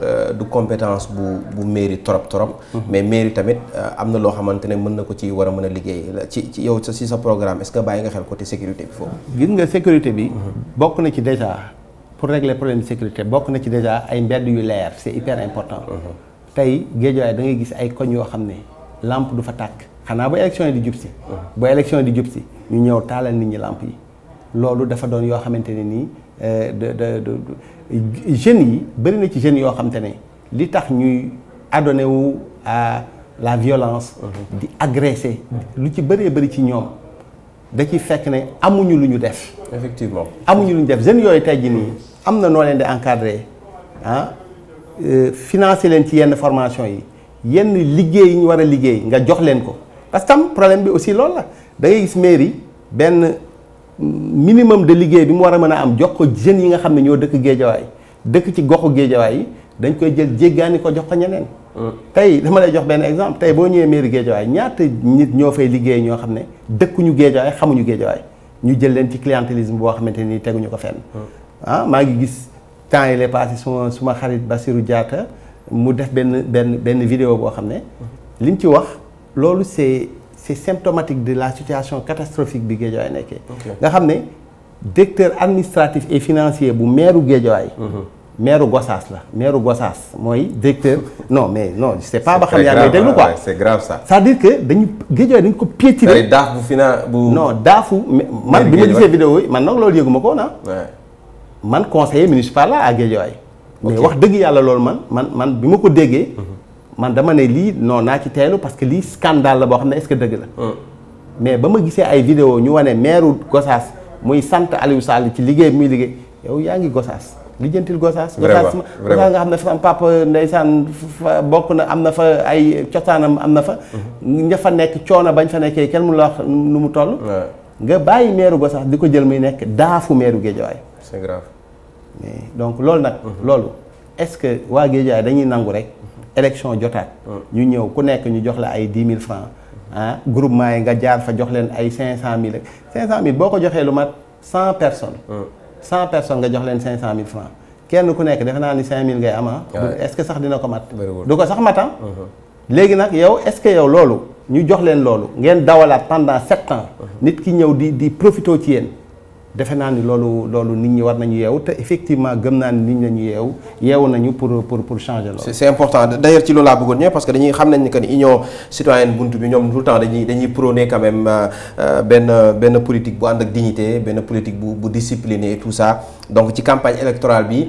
Euh, du compétence bu bu mairie trop trop. Mhm. mais mairie tamit euh, am na loo xamante ne mën na ko ci war a mën a liggéey ci ci yow si sa programme est-ce que bàyyi nga xel côté sécurité bi foofu. gis nga sécurité bi. Mhm. bokk na ci déjà pour régler problème de sécurité bokk na ci déjà ay mbedd yu leer c'est hyper important. Mhm. tey géejawaay da ngay gis ay koñ yoo xam ne lampe du fa tàkk. xanaa ba élection yi di jub si. ba élection yi di jub si ñu ñëw taalal nit ñi lampe yi. loolu Euh, de de de jeunes yi bëri na ci jeunes yo xam te li tax ñuy adonné wu à la violence. Mhm. di agresser lu ci bari bari ci ñom da ci fekk né amuñu luñu def. effectivement amuñu luñu def jeunes yooyu tay jii nii am na noo leen di encadré ah euh, financer leen ci yenn formation yi yenn liggéey yi ñu war a liggéey nga jox leen ko parce que tam problème bi aussi loolu la da ngay gis mairie benn. minimum de liggéey bi mu war a mën a am jox ko jeunes yi nga xam ne ñoo dëkk géejawaay dëkk ci goxu géejawaay yi dañ koy jël jéggaani ko jox ko ñeneen. tey dama lay jox benn exemple tey boo ñëwee mairie géejawaay ñaata nit ñoo fay liggéey ñoo xam ne dëkkuñu géejawaay xamuñu géejawaay ñu jël leen ci clientélisme boo xamante ni teguñu ko fenn. Hmm. ah maa ngi gis temps yi lay suma suma xarit Bassirou Diatta mu def benn benn benn vidéo boo xam ne. Hmm. li ci wax loolu c'est c'est symptomatique de la situation catastrophique bi Guédiawaye nekkee nga le directeur administratif et financier bu maire u Guédiawaye mhm. maire Gossas la maire Gossas mooy directeur non mais non c'est pas sais pas. yaa ngay déglu quoi c'est grave ça c'est-à-dire que dañu Guédiawaye dañu ko piétiner daaf bu fina bu non daafu man bi ma vidéo yi man nag loolu yëguma ko na ah. man conseiller municipal la à Guédiawaye mais wax dëgg yàlla loolu man man man bi ma ko déggee mhm man dama né li non na ci teelu parce que li scandale la boo xam est-ce que dëgg la. Hum. mais bama gissé ay vidéo ñu wone meeru Gossas muy sante Aliou Sall ci liggéey muy liggéey yow yaangi Gossas lijeentil Gossas. Gossas Gossas nga xam ne papa ndeysaan bokk na am fa ay cosaanam amna fa. Hum. ña fa nek ciona bañ fa nekkee kenn mu la wax nu mu toll. nga bàyyi meeru Gossas diko jël muy nek dafu meeru Géejawaay. c'est grave. mais donc lool nak hum. lool est-ce que wa Géejawaay dañuy nangu rek élection jotaat mm. ñu ñew ku nekk ñu jox la ay francs mm-hmm. ah groupe nga jaar fa jox leen ay cinq cent mille lu mat personnes mm. cent personnes nga jox leen cinq francs kenn ku nekk na ah. est-ce que sax dina ko mat du ko sax ah. mm-hmm. yow est-ce que yow lolu ñu jox leen lolu ngeen pendant 7 ans mm-hmm. nit ki di di profité ci defe naa ni loolu loolu nit ñi war nañu te effectivement gëm naa ni nit ñi lañu yeewu yeewu nañu pour pour pour changer loolu. c'est important d'ailleurs ci l'as beaucoup bëggoon parce que dañuy xam nañ que ni union citoyenne bunt bi ñoom tout le temps dañuy dañuy prôner quand même ben ben politique bu ànd ak dignité ben politique bu bu disciplinée et tout ça donc ci campagne électorale bi.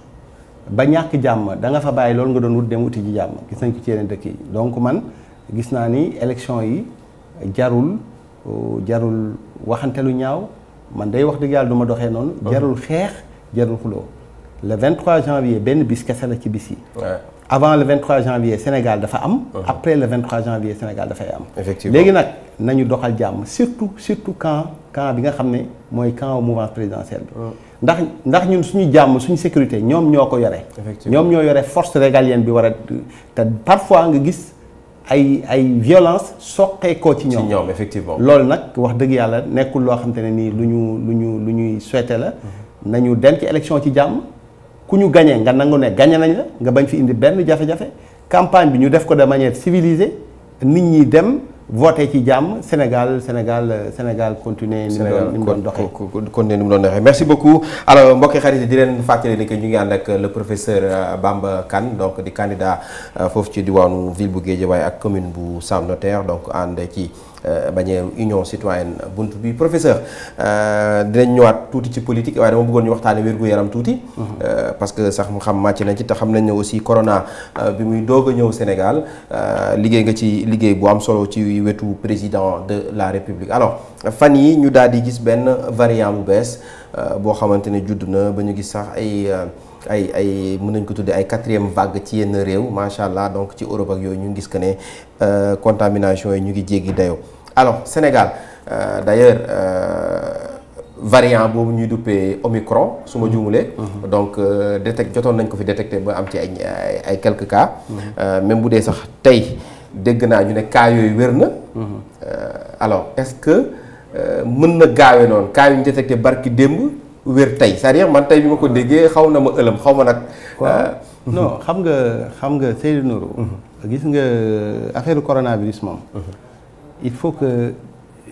ba ñàkk jàmm da nga fa bàyyi loolu nga doon wut dem wuti ji jàmm gis nañ ko ci yeneen dëkk yi donc man gis naa ni élection yi jarul euh, jarul waxante lu ñaaw man day wax dëgg yàlla du ma doxee noonu. Ah. jarul xeex jarul xuloo. le 23 janvier benn bis kese la ci bis yi. avant le 23 janvier Sénégal dafa am. Ah. après le 23 janvier Sénégal dafay am. léegi nag. nañu doxal jamm surtout surtout quand quand bi nga xamné moy quand au mouvement présidentiel bi. ndax ndax ñun suñu jamm suñu sécurité ñom ñoko yoré ñom ñoom ñoo yore force régalienne bi wara a parfois nga gis ay ay violence soqee ko ci ñom ci effectivement lool nak wax dëgg yàlla nekkul lo xam tane ne luñu luñu luñuy lu souhaité la. nañu dem ci élection ci jamm ku ñu gañee nga nangu ne gañe nañ la nga bañ fi indi benn jafé-jafé campagne bi ñu def ko de manière civilisée nit ñi dem voté qui Sénégal Sénégal Sénégal continuez merci beaucoup alors moi qui di que nous avons le professeur euh, Bamba Khan, donc di candidat euh, foofu ci ville bu et la commune bu Sam Notaire donc en qui. Euh, bañee union citoyenne euh, bunt bi professeur euh, dinañ ñëwaat tuuti ci politique waaye dama bëggoon ñu waxtaane wér yaram tuuti mhm. parce que sax mu xam màcc nañ ci te xam nañ ne aussi corona bi muy doog a ñëw Sénégal liggéey nga ci liggéey bu am solo ci wetu président de la République alors fan yi ñu daal di gis benn variant bu bees boo xamante ne judd na ba ñu gis sax ay ay ay mën nañ ko tuddee ay quatrième vague ci yenn réew macha allah donc ci Europe ak yooyu ñu ngi gis que ne euh, contamination yi ñu ngi jéggi dayoo. alors Sénégal euh, d'ailleurs euh, variant boobu ñuy duppee Omicron su ma juumulee. Mhm. donc euh, détect jotoon nañ ko fi détecté ba am ci ay ay quelques cas. Mhm. Euh, même bu dee sax tey dégg naa ñu ne cas yooyu wér na. Mhm. alors est-ce que mën na gaawe noonu cas yu ñu détecté barki démb. wér tey cest à man tey bi ma ko déggee xaw na ma ëlëm xaw ma nag. Ah. non mhm. xam nga xam nga Seydou Nourou. Mhm. gis nga euh, affaire coronavirus moom. Mhm. il faut que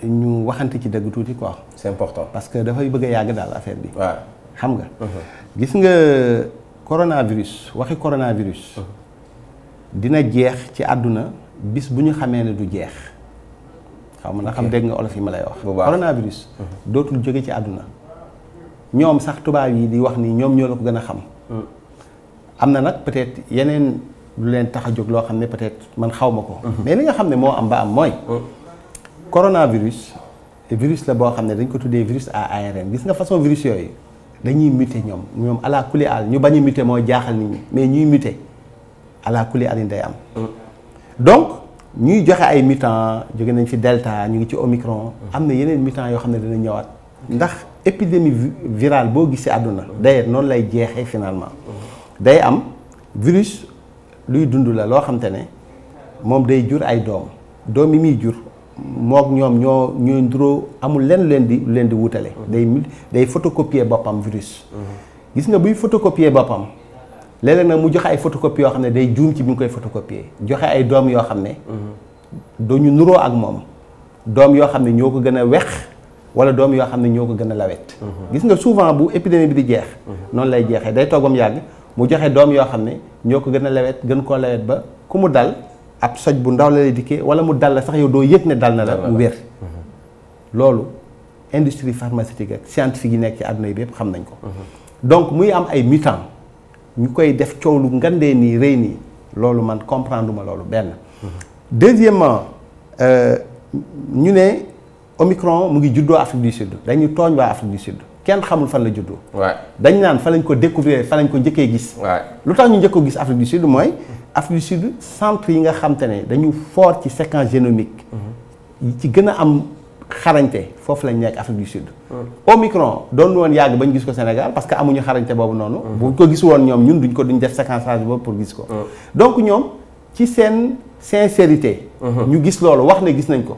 ñu waxante ci dëgg tuuti quoi. c'est important parce que dafay bëgg yàgg daal affaire bi. waaw xam nga. gis nga coronavirus waxi coronavirus. dina jeex ci àdduna bis bu ñu xamee ne du jeex. xaw ma na xam dégg nga olof yi ma lay wax. coronavirus dootul jóge ci àdduna. ñoom sax tubaab yi di wax nii ñoom ñoo la ko gën a xam. Hmm. am na nag peut-être yeneen lu leen tax a jóg loo xam ne peut-être man xaw ma ko. Hmm. mais li nga xam ne moo am ba am mooy. Hmm. coronavirus virus la boo xam ne dañ ko tuddee virus à ARN gis nga façon virus yooyu dañuy muté ñoom ñoom ala kulli al ñu bañ a moo jaaxal nit mais ñuy muté ala kulli alin day am. donc ñuy joxe ay mutant jóge nañ fi delta ñu ngi ci omicron. am na yeneen mutant yoo xam ne dana ñëwaat. ndax épidémie virale boo gisee àdduna day noonu lay jeexee finalement day am virus luy dund la loo xam ne moom day jur ay doom doom yi muy jur mook ñoom ñoo ñooy amul lenn leen di leen di wutale day day photocopier boppam virus gis nga buy photocopier boppam léeg-léeg nag mu joxe ay photocopie yoo xam ne day juum ci bi ñu koy photocopier joxe ay doom yoo xam ne mhm. dañu nuroo ak moom doom yoo xam ne ñoo ko gën a wex wala doom yo xam ñoko gëna ko lawet mhm. gis nga souvent bu épidémie bi di jeex mhm. non lay jeexee day togom yag mu joxé doom yo xam ñoko gëna ko gën a lawet gën koo lawet ba ku mu dal ab soj bu ndaw la lay dikkee wala mu dal sax yow do yëg ne dal na la mu wér mhm. loolu industrie pharmaceutique ak scientifique yi nekk ci àdduna bi yëpp xam nañ ko donc muy am ay mutant ñu koy def ciowlu ngandé ni nii rëy nii man comprendre ma loolu benn deuxièmement euh, ñu né Omicron mu ngi juddoo Afrique du Sud dañu tooñ waa Afrique du Sud kenn xamul fan la juddoo. waay dañ naan fa lañ ko découvrir fan lañ ko njëkkee gis. waay lu tax ñu njëkk ko gis Afrique du Sud mooy. Afrique du Sud centre yi nga xam ne dañu fort ci séquence génomique. yi ci gën a am xarañte foofu lañ nekk Afrique du mm. Omicron doon woon yàgg bañ gis ko Sénégal parce que amuñu xarañte boobu noonu. Mm. bu ko gis woon ñoom ñun duñ ko duñ def séquençage boobu pour gis ko. Mm. donc ñoom ci seen sincérité. Mm-hmm. ñu gis loolu wax ne gis nañ ko.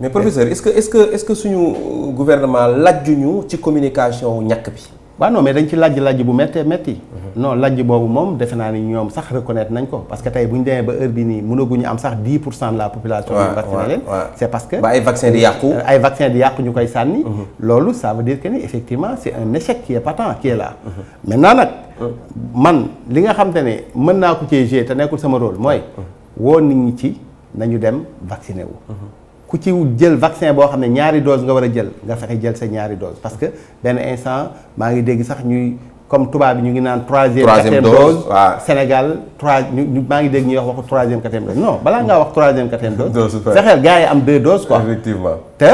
mais professeur est-ce que est-ce que est-ce que suñu euh, gouvernement lajjuñu ci communication ñàkk bi. waaw non mais dañ ci lajj lajj bu méttee métti. non lajj boobu moom defe naa ni ñoom sax reconnaître nañ ko parce que tey bu ñu demee ba heure bi nii mënaguñu am sax 10 pour cent de la population. waaw vacciné leen c' parce que. ba ay vaccin di yàqu. Euh, ay vaccin di yàqu ñu koy sànni. Mhm. loolu ça veut dire que ni effectivement c'est un échec qui est patent qui est là. maintenant nag. man li nga xam te ne mën naa ko cee jouer te nekkul sama rôle mooy. Mhm. woo nit ci nañu dem vacciné wu. Mhm vous avez le vaccin vous dose parce que ben, instant comme ngi dégg sax ñuy comme une troisième dose Sénégal ñu troisième quatrième dose non troisième quatrième dose le gars deux doses quoi effectivement mhm.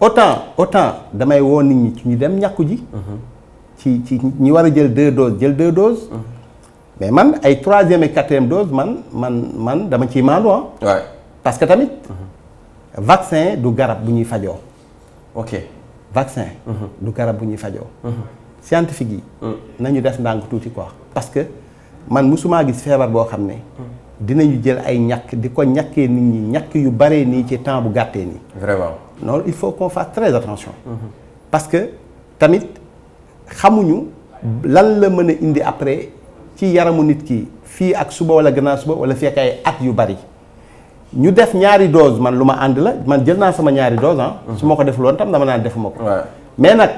autant autant je nit ñi ci mhm. deux doses deux doses mhm. mais man troisième et quatrième dose man man man dama ah. parce que tamit vaccin du garab bu ñuy ok vaccin. du garab bu ñuy scientifique yi. nañu def ndank touti quoi. parce que man musuma gis fièvre bo xamné dinañu jël ay ñàkk diko ko nit ñi ñàkk yu bare ni ci temps bu gatté ni vraiment non il faut qu'on fasse très attention. parce que tamit xamuñu lan la mëna indi après ci yaramu nit ki fi ak suba wala gannaaw suba wala fekk ay at yu bari ñu def ñaari dose man luma and la man jël naa sama ñaari dose hein su ma ko def loon tam dama naan defuma ko. mais nag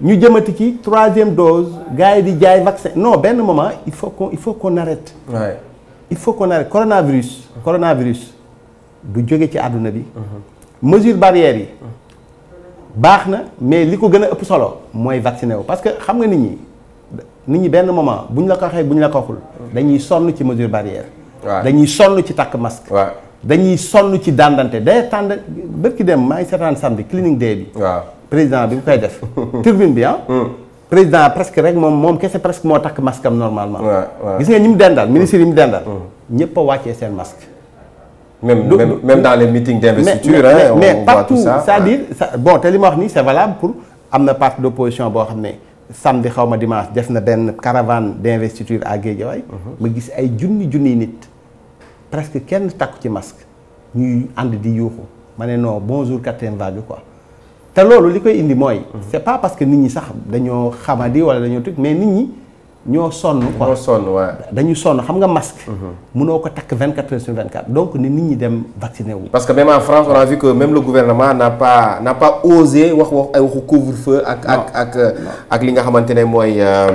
ñu jëmati ci troisième dose gars yi di jaay vaccin non benn moment il faut qu'on il faut qu'on arrête. il faut qu'on arrête coronavirus. coronavirus du jóge ci àdduna bi. Mhm. mesure barrière yi. Mhm. baax na mais li ko gën a ëpp solo mooy vacciné wu parce que xam nga nit ñi nit ñi benn moment buñ la ko waxee buñ la ko waxul. dañuy sonn ci mesure barrière. dañuy sonn ci takk masque dañuy sonn ci dandante day tànd dem maa ngi samedi cleaning day président bi koy def. turbine bi ah. hmm. président presque rek presque moo masque normalement. gis nga ñi mu dendal ministre hmm. a masque. même même dans les meetings d'investiture. mais, hein, mais, mais partout cest bon valable pour am na samedi xaw dimanche def caravane d'investiture à Guédiawaye. mu hmm. gis ay junni nit presque kenn takku ci masque ñuy ànd di yuuxu ma ne non bonjour quatrième vague quoi te loolu li koy indi mooy. Mhm. c'est pas parce que nit ñi sax dañoo xamadi wala dañoo tëj mais nit ñi ñoo sonn. quoi ñoo sonn waaw dañu sonn xam nga masque. Mhm. mënoo ko takk 24 heures sur 24 donc ni nit ñi dem vacciner wu. parce que même en France on a vu que même le gouvernement n'a pas n'a pas osé wax wax ay waxu couvre-feu. ak ak ak ak li nga xamantene moy mooy. Euh,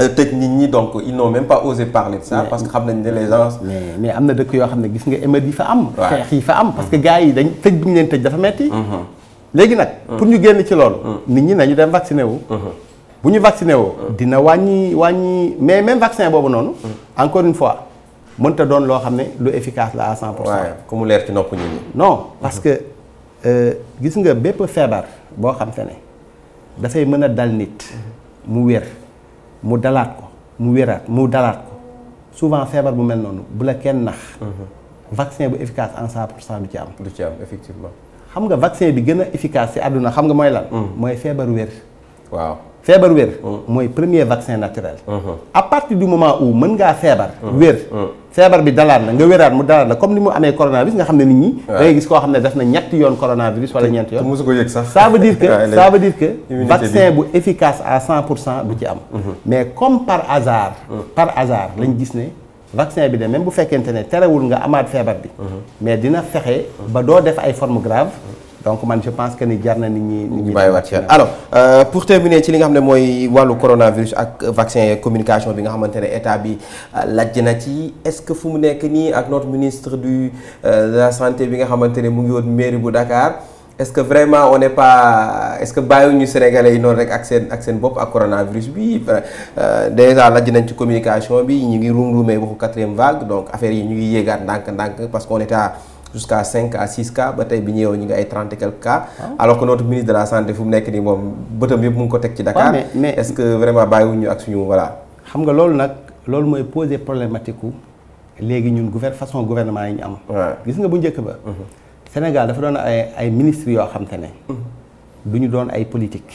euh, tëj nit ñi donc ils n'ont même pas osé parler de ça. Mais, parce que xam nañ gens. mais mais amener na dëkk amener des ne gis nga émeutes yi fa am. xeex fa am parce que gars yi dañ tëj bu ñu leen tëj dafa metti mm-hmm. mm. pour ñu génn ci loolu. Mm. nit ñi nañu dem vacciné wu. Mm-hmm. bu ñu vacciné ou, mm. dina wani, wani, mais même vaccin bon non, encore une fois mënta doon loo xam ne lu efficace la à 100 pour cent. ku mu leer ci ñi non mm-hmm. parce que euh, gis nga bépp feebar boo xam te ne dafay mën a dal nit mu wér mu dalaat ko mu wéraat mu dalaat ko souvent feebar bu mel mhm. vaccin bu efficace en 100 pour cent effectivement. xam nga vaccin bi efficace xam nga lan. Mhm. Fièvre wér mm. mooy premier vaccin naturel mm-hmm. à partir du moment où mën ngaa fièvre mm. wér mm. fièvre bi le la nga wéraat mu comme ni avons le coronavirus nga avons ne nit ñi da ngay gis koo xam def na ñetti yoon coronavirus wala ñeenti yoon ça veut dire que ça veut dire que vaccin bu efficace à 100% du ci am mm-hmm. mais comme par hasard par hasard lañ gis ne vaccin bi de même bu fekkente ne où nga amaat amad bi mm-hmm. mais dina fexe ba doo def ay forme grave donc man je pense que ni jar na nit ni. nit ñi bàyyiwaat alors euh, pour terminer ci li nga xam ne mooy coronavirus ak vaccin communication bi nga xamante ne état bi euh, lajj ci est-ce que fu mu nekk nii ak notre ministre du euh, de la santé bi nga xamante ne mu ngi woon mairie bu Dakar. est-ce que vraiment on n'est pas est-ce que bàyyiwuñu sénégalais yi noonu rek ak seen ak seen bopp ak coronavirus bi euh, déjà lajj nañ ci communication bi ñu ngi ruum ruumee waxu quatrième vague donc affaire yi ñu ngi yéegaat ndànk-ndànk parce qu'on est à jusqu'à 5 à 6 cas ba tay bi ñëw ñu ngi ay 30 et quelques cas ah. alors que notre ministre de la santé fu mu nekk nii moom bëtam yëpp mu ngi ko teg ci Dakar mais est-ce que vraiment ñu ak suñu voilà xam nga loolu nag loolu mooy poser problématique wu léegi ñun gouver façon gouvernement yi ñu am gis nga bu njëkk ba mhm. Sénégal dafa doon ay ay ministres yoo xam te ne mhm. du ñu doon ay politique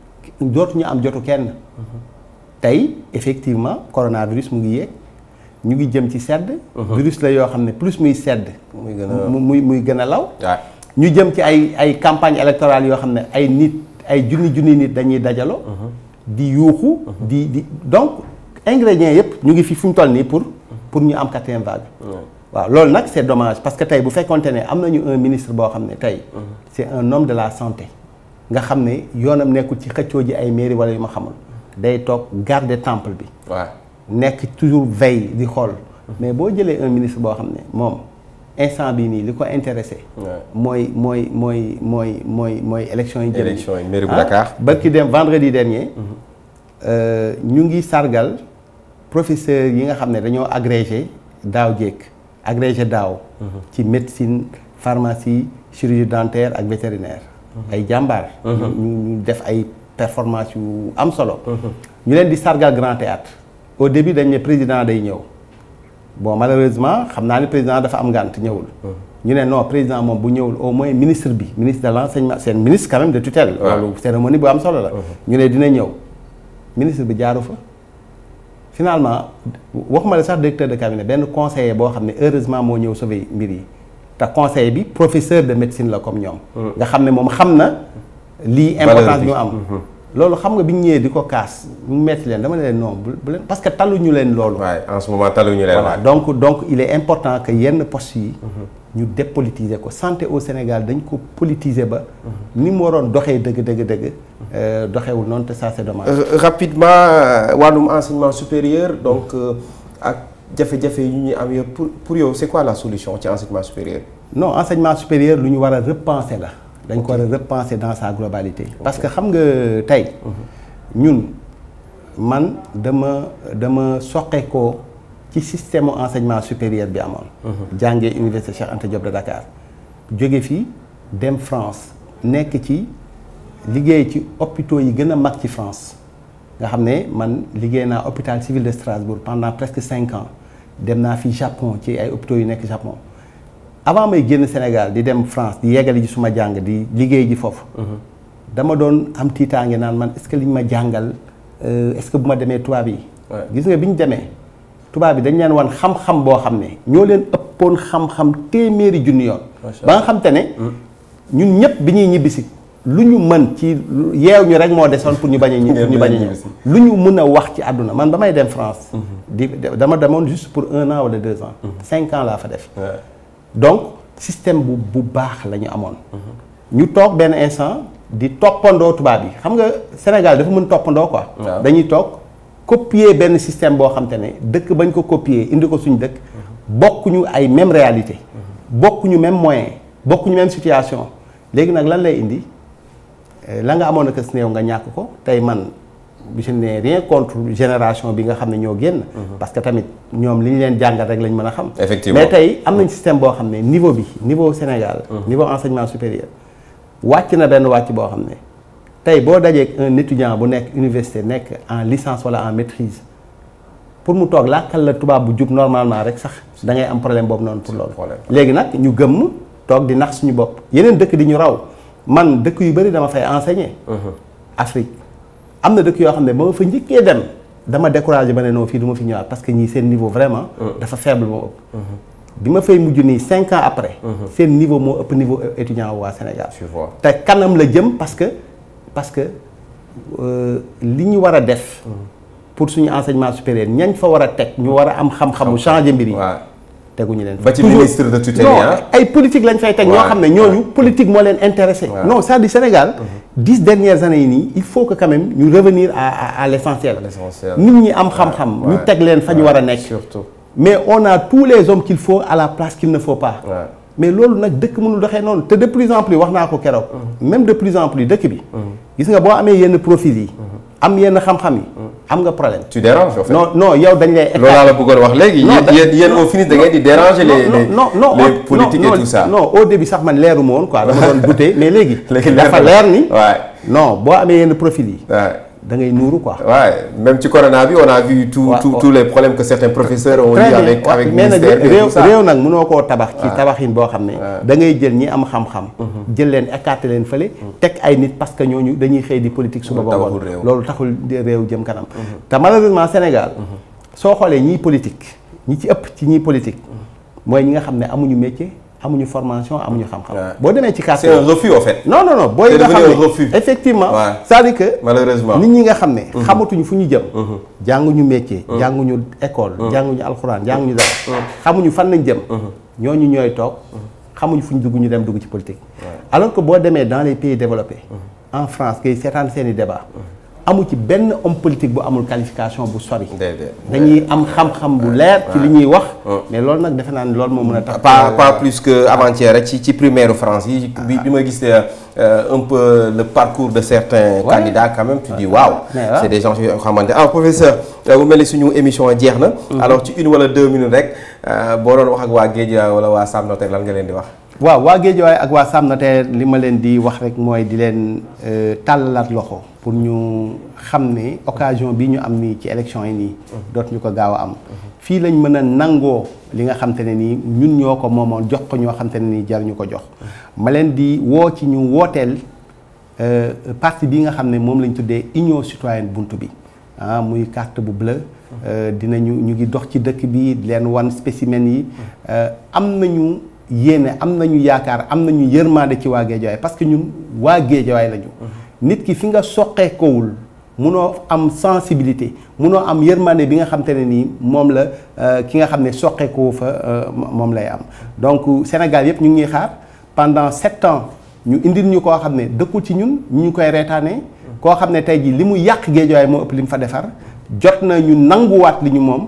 ñu am jotu kenn. tey effectivement coronavirus mu ngi yéeg ñu ngi jëm ci sedd. Uh-huh. virus la yoo xam ne plus muy sedd. muy muy muy gën a law. ñu jëm ci ay ay campagne électorale yoo xam ne ay nit ay junni junni nit dañuy dajalo uh-huh. di yuuxu. Uh-huh. di di donc ingrédients yëpp ñu ngi fi fu ñu toll nii pour pour ñu am quatrième vague. waaw loolu nag c'est dommage parce que tey bu fekkonte ne am nañu un ministre boo xam ne tey. c'est un homme de la santé nga xamné ne nekul ci xëccoo ji ay mairie wala yuma xamul day tok garder temple bi waaw nek toujours veille di xol mais bo jëlé un ministre bo xamné mom instant bi ni liko intéressé moy moy moy moy moy moy élection yi jëlé élection yi mairie bu ah, Dakar ki dem vendredi dernier mhm. euh, ñu ngi sargal professeur yi nga xamné dañoo agrégé daw jéeg agrégé daw mhm. ci médecine pharmacie chirurgie dentaire ak vétérinaire Mm-hmm. ay jambar mm-hmm. ñu def ay performance yu am solo. Mm-hmm. ñu leen di sargal grand théâtre au début dañ ne président day ñëw bon malheureusement xam naa ne président dafa am ngànt ñëwul. ñu ne non président moom bu ñëwul au moins ministre bi ministre de l'enseignement, c'est seen ministre quand même de tutelle. loolu cérémonie bu am solo la. ñu ne dina ñëw ministre bi jaaru fa. finalement waxuma la sax directeur de cabinet benn conseiller boo xam ne heureusement moo ñëw sauver mbir yi ta conseil bi professeur de médecine la comme ñom hmm. nga xamné mom xamna li l'eau importance ñu am. Hmm. Hmm. loolu xam nga bi metti dama non parce que taluñu leen loolu. en ce moment taluñu leen. donc donc il est important que yenn postes yi. ñu dépolitiser ko santé au Sénégal dañ ko politiser ba. ni moron waroon deug gdg dëgg dëgg. Euh, doxewul non te ça c'est dommage. Euh, rapidement euh, walum enseignement supérieur donc ak jafe-jafe yi ñuy pour pour yow c'est quoi la solution ci enseignement supérieur non enseignement supérieur lu ñu war repenser la dañ ko war repenser dans sa globalité parce que xam nga nous, mhm. ñun man dama dama soqe ko ci système enseignement supérieur bi mal, mhm. jàngee université Cheikh Anta Diop de Dakar suis allé dem France nekk ci dans ci hôpitaux yi plus grands mag ci France nga xam ne man liggéey hôpital civil de Strasbourg pendant presque 5 ans dem naa fi Japon ci ay hôpitaux yu nekk Japon avant may génn Sénégal di dem France di yeggali ji suma jàng di liggéey ji foofu. Mhm. dama doon am tiitaange naan man est-ce que liñ ma jàngal euh, est-ce que bu ma demee tubaab yi. gis nga bi ñu demee tubaab yi dañu leen wan xam-xam boo xam ne ñoo leen ëppoon xam-xam téeméeri junni yoon. ba nga xam ne mhm. ñun ñëpp bi ñuy ñibbisi. luñu ñu mën ci yeew ñu rek moo desoon pour ñu bañ a ñëw ñu bañ a ñëw lu mën a wax ci àdduna man ba dem France mhm. di dama demoon juste pour un an wala deux ans mhm. cinq ans laa fa def donc système bu bu baax la ñu amoon mhm. ñu toog benn instant di toppandoo tubaab bi xam nga Sénégal dafa mën toppandoo quoi dañuy toog copier benn système boo xam te ne dëkk bañ ko copier indi ko suñ dëkk bokkuñu ay même réalité bokkuñu même moyen bokkuñu même situation léegi nag lan lay indi eh, la nga amone a néew nga ñàkk ko tay man je ne rien contre génération bi nga xamné ne ñoo génn. Mhm. parce que tamit ñom liñ leen jangal rek lañ mëna xam. effectivement mais tay am nañ système bo xamné niveau bi niveau Sénégal. Mhm. niveau enseignement supérieur. wacc na ben wacc bo xamné tay bo dajé un étudiant bu nekk université nekk en licence wala en maîtrise pour mu toog làkkal la tuba bu jub normalement rek sax da ngay am problème bob non pour lool légui nak ñu gëm toog di nax suñu bop yeneen dëkk di ñu raw man dëkk yu bëri dama fay enseigner. Uh-huh. Afrique am na dëkk yoo xam ne ba ma fa njëkkee dem dama découragé ba ne non fii du ma fi ñëwaat parce que ñii seen niveau vraiment. Uh-huh. dafa faible moo ëpp. Uh-huh. bi ma fay mujj nii cinq ans après. seen niveau moo ëpp niveau étudiant waa Sénégal. te kanam la jëm parce que parce que euh, li ñu war a def. pour suñu enseignement supérieur ñañ fa war a teg ñu war a am xam-xamu changer mbir yi teguñu la ministre non ah. politique politique non ça du Sénégal mhm. dix dernières années il faut que quand même nous revenir à à l'essentiel Nous ñi mais on a tous les hommes qu'il faut à la place qu'il ne faut pas mais lolu nak de plus en plus ko mhm. même de plus en plus il bi mhm. gis nga bo am yenn xam-xam yi. Hmm. am nga problème. tu déranges en fait. non non yow dañ lay. loolu laa la bëggoon wax léegi. non da yéen yéen au finish da ngeen di déranger. les les les politiques et tout ça. non au début sax man leeru woon quoi dama doon douter mais léegi. léegi leer dafa leer ni. waay non boo amee yenn profil yi da ngay nuuru quoi. Ouais, même ci corona bi on a vu tous ouais, tout oh. tous les problèmes que certains professeurs ont eu avec ouais, avec ministère bi tout ça réew nak mënoo koo tabax ci tabaxine bo xamné da ngay jël ñi am xam-xam mhm. jël len écarté len feulé mhm. teg ay nit parce que ñoñu dañuy xëy di politique suba bo woon lolu taxul réew jëm kanam mhm. ta malheureusement Sénégal so xolé ñi politique ñi ci ëpp ci ñi politique moy ñi nga xamné amuñu métier une formation à formation, xam c'est un refus en fait. non non non C'est devenu xam effectivement. ça à dire que malheureusement nit ñi nga nous ne. Mhm. xamatuñu fu ñu mhm. métier. Mhm. école. fan dem politique. alors que dans les pays développés. en France qui' y a débats débat amu ci benn homme politique bu amul qualification bu sori. dañuy am xam-xam bu leer. ci li ñuy wax. mais lool nak defe naa lool mo meuna tax. pas pas plus que avant-hier ci ci primaire France yi. Ah, bi ah. bi ma gis euh, un peu le parcours de certains. candidats quand même tu dis waaw. c'est des gens yoo xamante ah professeur. vous euh, mettez ni suñu émission jeex na. Mm-hmm. alors ci une wala deux minutes rek euh, bo doon wax ak wa Géej wala wa Sam Notaire lan nga len di wax. waaw waa Géejawaay ak waa Sam li ma leen di wax rek mooy di leen euh, tàllalaat loxo pour ñu xam ne occasion bi ñu am nii ci élection yi nii dootuñu ko gaaw a am fii lañ mën a nangoo li nga xam te ne nii ñun ñoo ko moomoon jox ko ñoo xam te ne nii jar ñu ko jox ma leen di woo ci ñu wooteel euh, parti bi nga xam ne moom lañ tuddee union citoyenne bunt bi ah muy carte bu bleu euh, dinañu ñu ngi dox ci dëkk bi leen wan spécimen yi am nañu yéene am na ñu yaakaar am nañu yërmaande ci waa Géejawaay parce que ñun waa Géejawaay lañu. nit ki fi nga soqeekowul munoo am sensibilité munoo am yërmaande bi nga xam ne nii moom la euh, ki nga xam ne soqeekoo fa euh, moom lay am. donc Sénégal yëpp ñu ngi xaar pendant sept ans ñu indil ñu koo xam ne dëkkul ci ñun ñu koy reetaanee. koo xam ne tey jii li mu yàq Géejawaay moo ëpp li mu fa defar jot na ñu nanguwaat li ñu moom.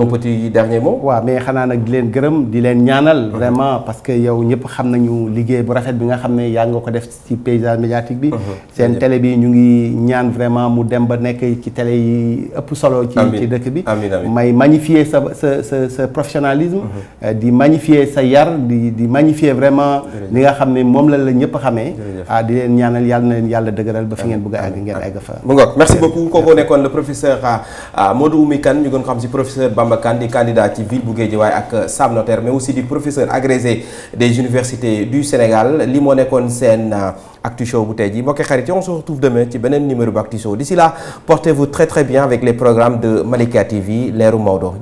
un petit dernier mot. Oui, mais xana nak di len gërëm di len vraiment parce que yow ñëpp liggéey bu rafet bi ko def ci paysage médiatique bi. Mhm. télé bi ñu vraiment mu dem ba ci télé yi ëpp solo. ci magnifier professionnalisme. di magnifier sa yar vraiment. nga la la ñëpp ah, di ñaanal merci beaucoup le professeur euh, euh, Modou ñu gën xam des candidats di candidat ci ville bu avec Sam Notaire mais aussi des professeur agrégé des universités du Sénégal limone konsen nekkoon seen euh, Actu Show on se retrouve demain ci beneen numéro bu Show d'ici là portez-vous très très bien avec les programmes de Malika TV l'air Maudo.